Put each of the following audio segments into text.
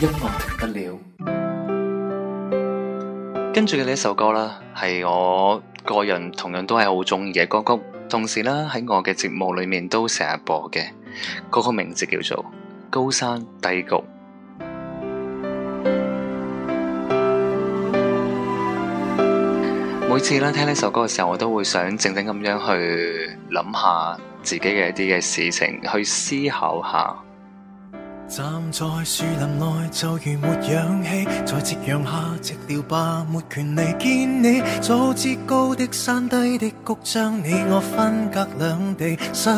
音樂停不了，跟住嘅呢一首歌啦，係我個人同樣都係好中意嘅歌曲，同時咧喺我嘅節目裏面都成日播嘅，歌曲名字叫做《高山低谷》。每次咧聽呢首歌嘅時候，我都會想靜靜咁樣去諗下自己嘅一啲嘅事情，去思考下。站在樹林內就如沒氧氣，在夕陽下寂寥吧，沒權利見你。早知高的山低的谷將你我分隔兩地，失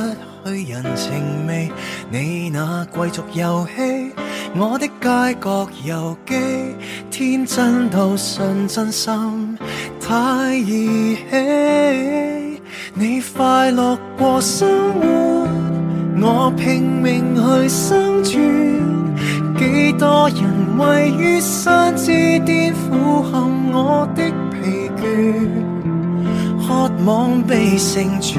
去人情味。你那貴族遊戲，我的街角遊記，天真到信真心，太兒戲。你快樂過生活。我拼命去生存，幾多人位於山之巔俯瞰我的疲倦，渴望被成全，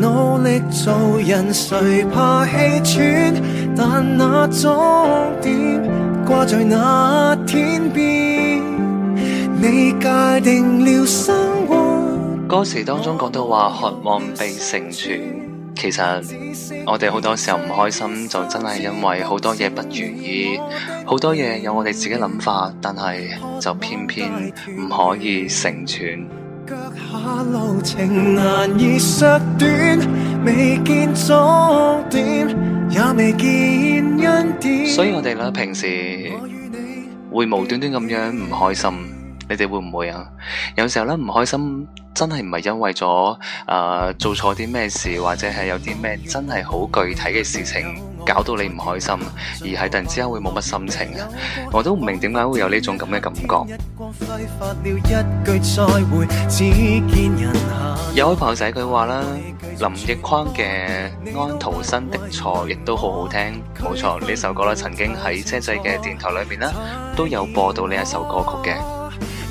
努力做人，誰怕氣喘？但那終點掛在那天邊，你界定了生活。歌詞當中講到話，渴望被成全。其實我哋好多時候唔開心，就真係因為好多嘢，不如意，好多嘢有我哋自己諗法，但係就偏偏唔可以成全。腳下路程難以削短，未見終點也未見恩典。所以我哋咧平時會無端端咁樣唔開心。你哋會唔會啊？有時候咧唔開心，真係唔係因為咗誒、呃、做錯啲咩事，或者係有啲咩真係好具體嘅事情搞到你唔開心，而係突然之間會冇乜心情啊？我都唔明點解會有呢種咁嘅感覺。嗯、有位朋友寫句話啦，林奕匡嘅《安徒生的錯》亦都好好聽，冇錯呢首歌咧，曾經喺車仔嘅電台裏面咧都有播到呢一首歌曲嘅。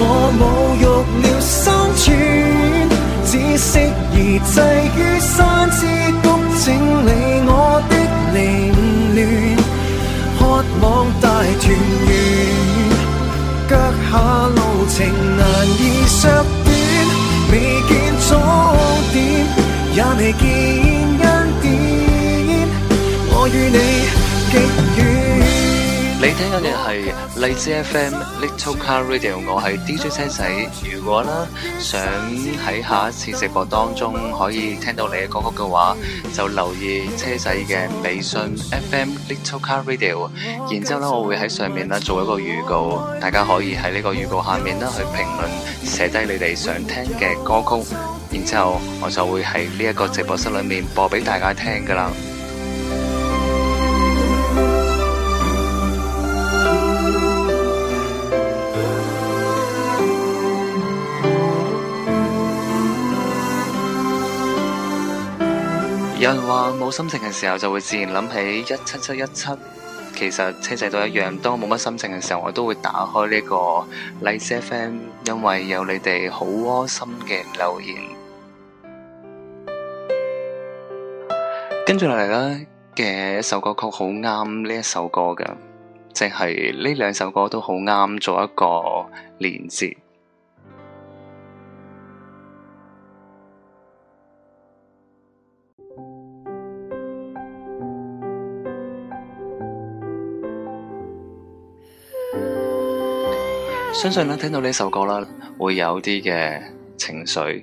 我侮辱了生存，只適宜擠於山之谷，整理我的凌亂，渴望大團圓，腳下路程難以縮短，未見終點也未見恩典。我與你極遠。你聽緊嘅係荔枝 FM Little Car Radio，我係 DJ 車仔。如果咧想喺下一次直播當中可以聽到你嘅歌曲嘅話，就留意車仔嘅微信 FM Little Car Radio。然之後咧，我會喺上面咧做一個預告，大家可以喺呢個預告下面咧去評論，寫低你哋想聽嘅歌曲。然之後我就會喺呢一個直播室裏面播俾大家聽噶啦。有人話冇心情嘅時候就會自然諗起一七七一七，其實車仔都一樣。當我冇乜心情嘅時候，我都會打開呢個荔枝 FM，因為有你哋好窩心嘅留言。 跟住落嚟咧嘅一首歌曲好啱呢一首歌嘅，即係呢兩首歌都好啱做一個連接。相信你，聽到呢首歌啦，會有啲嘅情緒。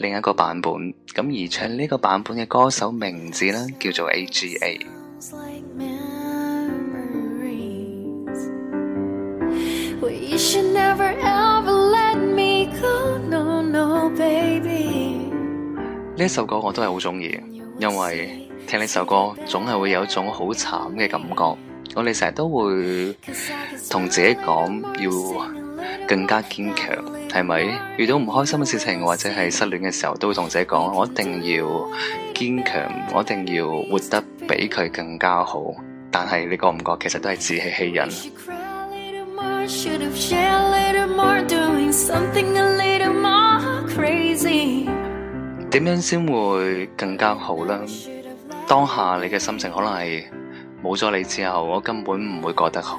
另一個版本，咁而唱呢個版本嘅歌手名字咧，叫做 AGA。呢 一首歌我都係好中意，因為聽呢首歌總係會有一種好慘嘅感覺。我哋成日都會同自己講要更加堅強。係咪遇到唔開心嘅事情或者係失戀嘅時候，都會同自己講，我一定要堅強，我一定要活得比佢更加好。但係你覺唔覺其實都係自欺欺人？嗯、點樣先會更加好咧？當下你嘅心情可能係冇咗你之後，我根本唔會覺得好。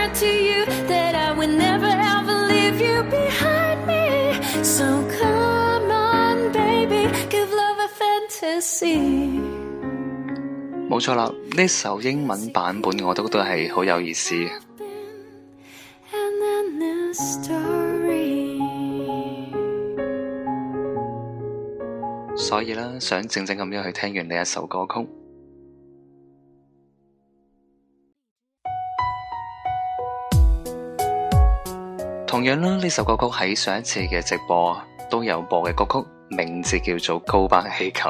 冇錯啦，呢首英文版本我都覺得係好有意思 所以呢，想靜靜咁樣去聽完呢一首歌曲。 同樣啦，呢首歌曲喺上一次嘅直播都有播嘅歌曲，名字叫做《高班氣球》。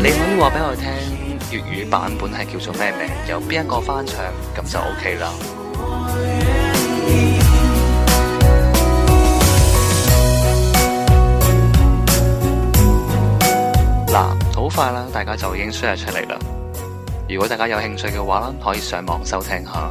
你可以話俾我聽，粵語版本係叫做咩名？由邊一個翻唱咁就 OK 啦。嗱、啊，好快啦，大家就已經 share 出嚟啦。如果大家有興趣嘅話，可以上網收聽下。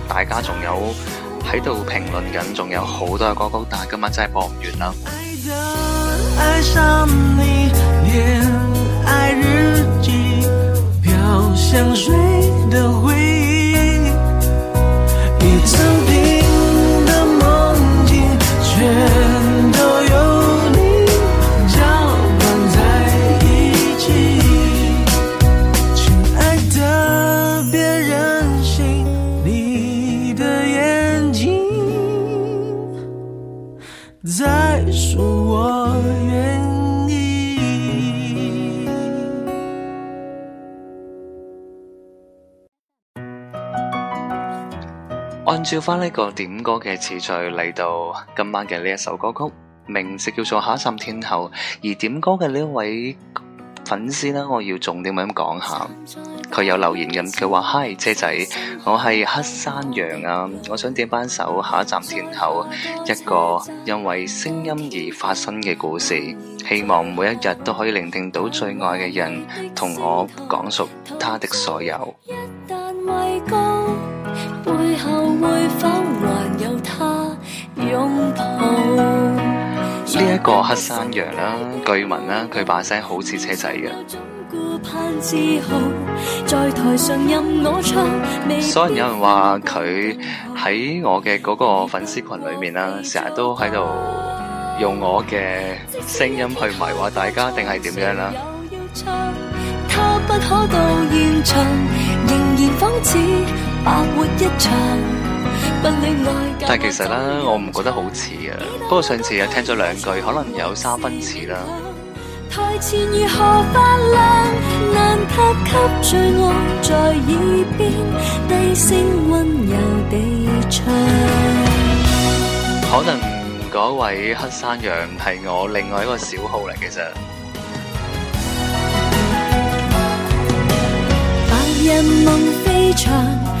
大家仲有喺度評論緊仲有好多嘅歌曲，但係今日真係播唔完啦。愛的愛上你照翻呢個點歌嘅次序嚟到今晚嘅呢一首歌曲，名字叫做《下一站天后》。而點歌嘅呢位粉絲呢，我要重點咁講下，佢有留言咁，佢話：嗨，車仔，我係黑山羊啊！我想點翻首《下一站天后》，一個因為聲音而發生嘅故事。希望每一日都可以聆聽到最愛嘅人同我講述他的所有。呢一個黑山羊啦，據聞啦，佢把聲好似車仔嘅。雖、嗯、然有人話佢喺我嘅嗰個粉絲群裏面啦，成日都喺度用我嘅聲音去迷惑大家，定係點樣啦？嗯但其實咧，我唔覺得好似啊，不過上次又聽咗兩句，可能有三分似啦。 可能嗰位黑山羊係我另外一個小號嚟，其 實樂。白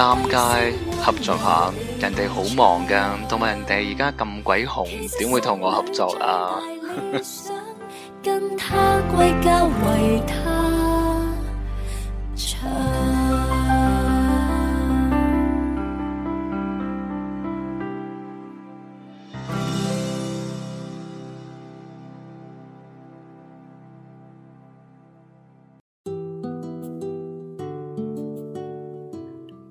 三街合作下，人哋好忙嘅，同埋人哋而家咁鬼紅，點會同我合作啊？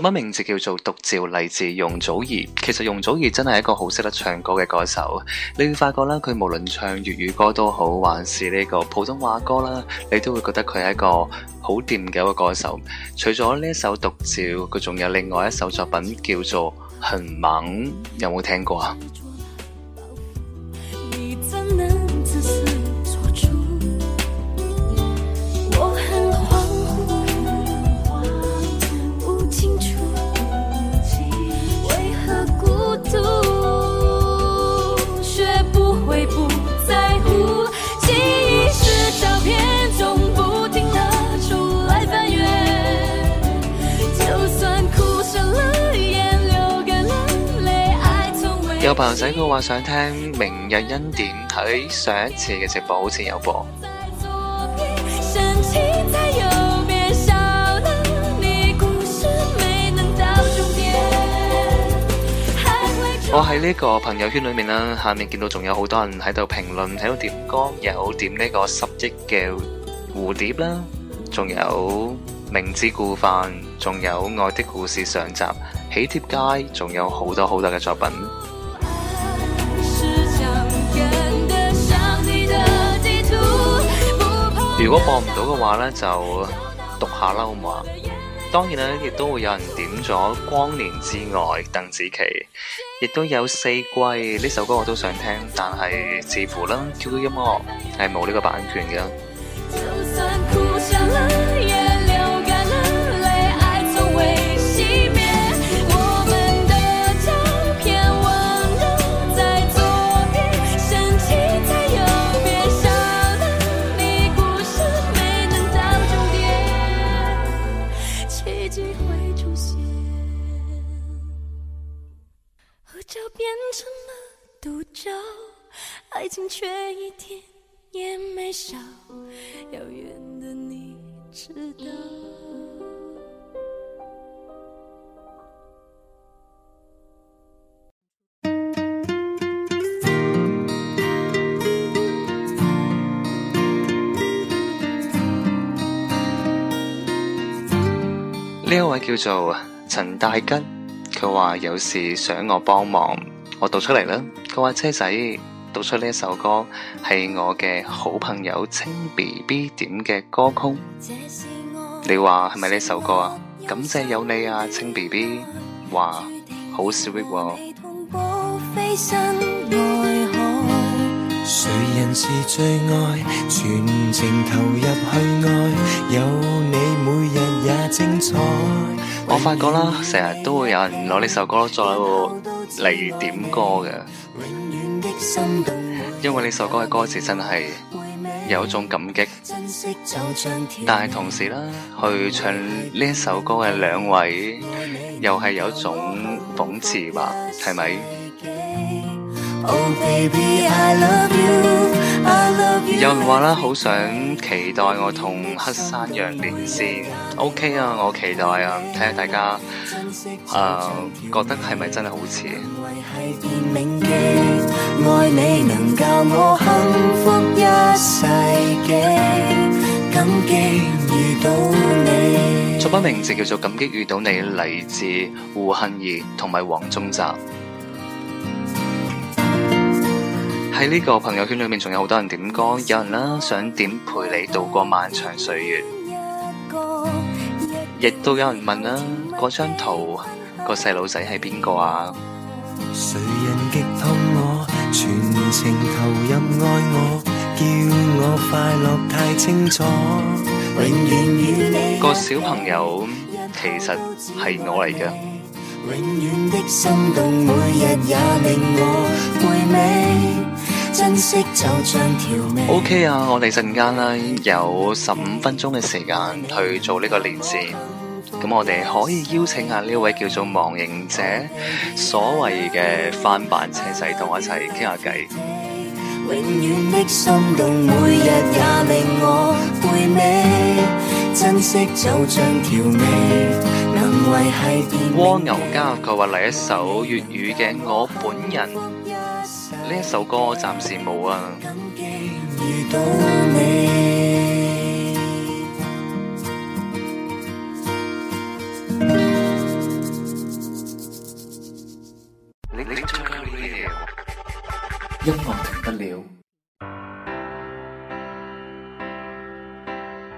首歌名字叫做《獨照》，嚟自容祖兒。其實容祖兒真係一個好識得唱歌嘅歌手。你會發覺啦，佢無論唱粵語歌都好，還是呢個普通話歌啦，你都會覺得佢係一個好掂嘅一個歌手。除咗呢首《獨照》，佢仲有另外一首作品叫做《恆猛》，有冇聽過啊？有個朋友仔佢話想聽明日恩典，睇上一次嘅直播好似有播。我喺呢個朋友圈裏面啦，下面見到仲有好多人喺度評論，喺度點歌，又好點呢個十億嘅蝴蝶啦，仲有明知故犯，仲有愛的故事上集，喜帖街，仲有好多好多嘅作品。如果播唔到嘅話咧，就讀下啦。好嘛。當然啦，亦都會有人點咗《光年之外》鄧紫棋，亦都有四季呢首歌我都想聽，但係似乎啦 QQ 音樂係冇呢個版權嘅。 呢一位叫做陳大吉，佢話有事想我幫忙，我讀出嚟啦。佢話車仔讀出呢一首歌係我嘅好朋友青 BB 點嘅歌曲，你話係咪呢首歌啊？感謝有你啊，青 BB 話好 sweet 喎。誰人是最愛，全程投入去愛，有你每日也精彩。我發覺啦，成日都會有人攞呢首歌作嚟點歌嘅，因為呢首歌嘅歌詞真係有一種感激，但係同時啦，去唱呢首歌嘅兩位又係有一種諷刺吧，係咪？有人話啦，好想期待我同黑山羊連線。OK 啊，我期待啊，睇下大家誒、呃、覺得係咪真係好似？愛你你，能教我幸福一世紀感激遇到你作品名字叫做《感激遇到你》到你，嚟自胡杏兒同埋黃宗澤。喺呢個朋友圈裏面，仲有好多人點歌，有人啦，想點陪你度過漫長歲月，亦都有人問啦，嗰張圖個細路仔係邊個啊？誰人極痛我？全情投入愛我，叫我叫快樂太清楚。永遠與你，你。個小朋友其實係我嚟嘅。永遠的心動，每日也令我回味。OK 啊，我哋陣間呢，有十五分鐘嘅時間去做呢個連線，咁我哋可以邀請下呢位叫做忘形者，所謂嘅翻版車仔，同我一齊傾下偈。永遠的心動，每日也令我回味。珍惜就像調味，能維繫。蝸牛家佢話嚟一首粵語嘅，我本人。呢一首歌暫時冇啊！感激遇到你音樂停不了。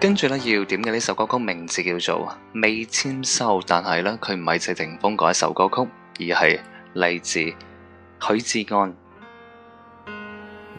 跟住咧，要點嘅呢首歌曲名字叫做《未簽收》，但係咧，佢唔係謝霆鋒嗰一首歌曲，而係嚟自許志安。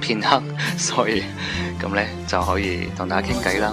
片刻，所以咁咧就可以同大家傾偈啦。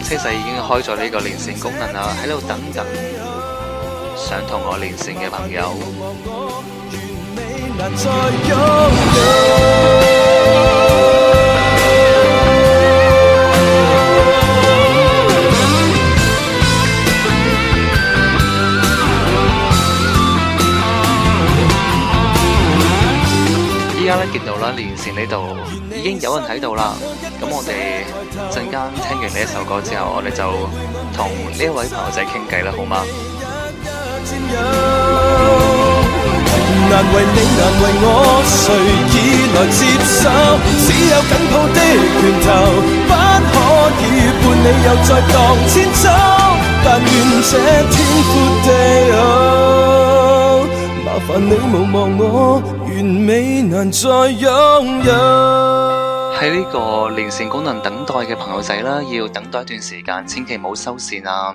其實已經開咗呢個連線功能啦，喺度等人，想同我連線嘅朋友。 見到啦，連線呢度已經有人睇到啦。咁我哋陣間聽完呢一首歌之後，我哋就同呢一位朋友仔傾偈啦，好嗎？ 麻煩你毋忘我，完美難再擁有喺呢 個連線功能等待嘅朋友仔啦，要等待一段時間，千祈唔好收線啊！